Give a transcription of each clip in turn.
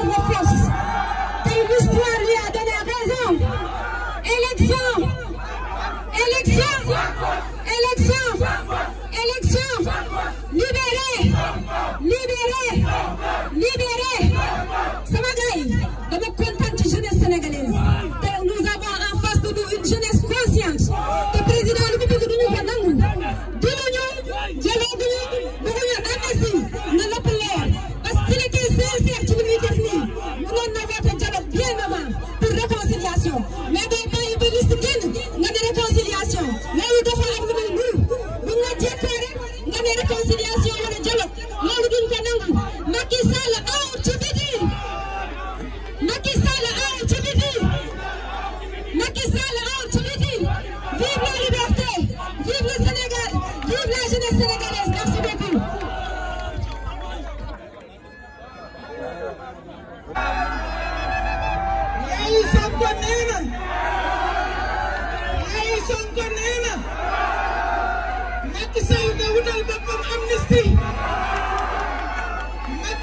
faire nos forces te une histoire lui a donné raison élection élection élection élection libéré libéré libéré sama gars yi dama kontaan ci jeunesse sénégalaise te nous avons en face de nous une jeunesse consciente te président lu mu bëgg duñu ko nangu mais doo bàyyi ba liste génn nga ne réconciliation loolu dafa am lu muy nuru bu nga jéppee rek nga ne réconciliation wala dialogue loolu duñ ko nangu Macky Sall aw ci biti Macky Sall aw ci biti Macky Sall aw ci biti vive la liberté vive le Sénégal vive la jeunesse sénégalaise merci beaucoup Yaya Samb nee na Sonko nee na Macky Sall na wutal boppam na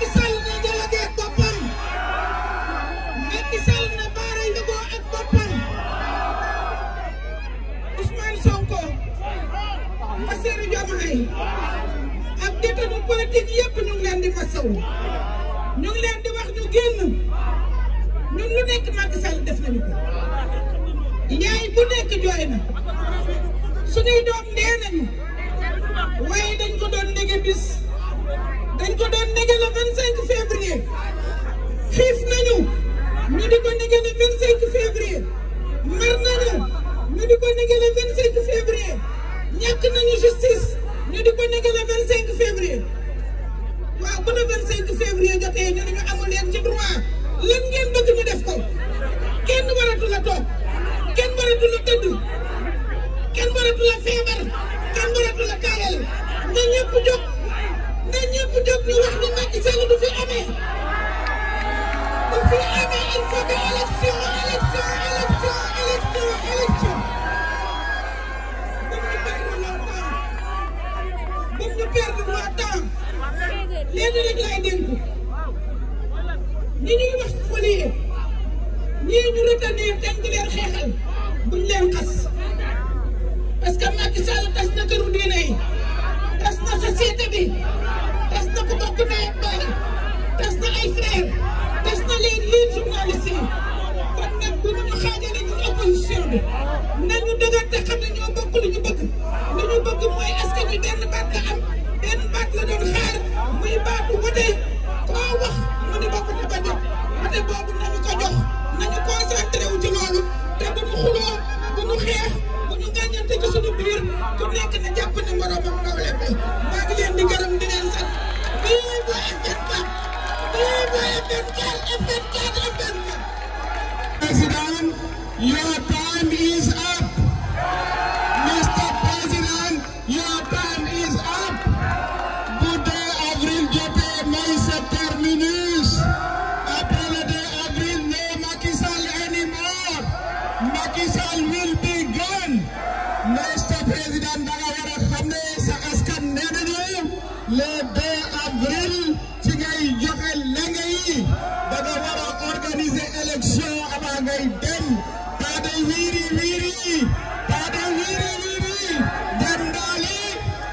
dialogue ak boppam Macky Sall na baara yëgoo ak boppam Ousmane Sonko Bassirou Diomaye ak détenu politique yëpp ñu ngi leen di masaw ñu ngi leen di wax ñu génn ñun lu nekk Macky Sall def nañu ko yaay bu nekk jooy suñuy doom dee nañu waaye dañ ko doon nege bis dañ cinq février xiif nañu ñu di ko nege le vingt cinq février mar nañu ñu di ko nege le vingt cinq février ñàkk nañu justice ñu di ko nege le vingt cinq février waaw bu le vingt cinq février jotee ñu ne ñu amul leen ci droit lan ngeen feebar kenn waratu la taayal na ñëpp jóg na ñëpp jóg ñu wax ni Macky Sall du fi amee du fi amee il faut que élection élection élection élection élection bu ñu perdre le temps bu ñu perdre le temps léegi rek laay dénku ñi ñuy wax folie ñii ñu retenir dañ di leen xeexal buñ leen xas parce que Macky Sall tas na këru diine yi bi tas na ku bokk nawet baay tas na ay frères tas na les les journalistes yi kon nag bu ñu xaajale ñun opposition bi nañu dëgër te xam ne ñoo bokk lu ñu bëgg lu ñu bëgg mooy askan wi benn baat la am benn baat la doon xaar muy baatu wote. ci suñu biir ku nekk na jàpp ne moromam nawle bi maa ngi leen di gërëm di leen sant bii mooy FM4 bii mooy FM4 FM4 FM4. président yoo taam yi le 2 avril ci ngay joxe la ngay da nga war a organiser élection dem Pada Wiri Wiri Pada Wiri Wiri daali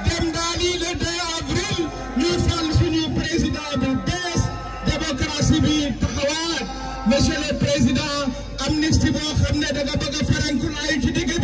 dem daali le 2 avril ñu fal suñu président bu bees démocratie bi taxawaat monsieur le président amnistie boo xam ne da nga bëgg a farankulaayu ci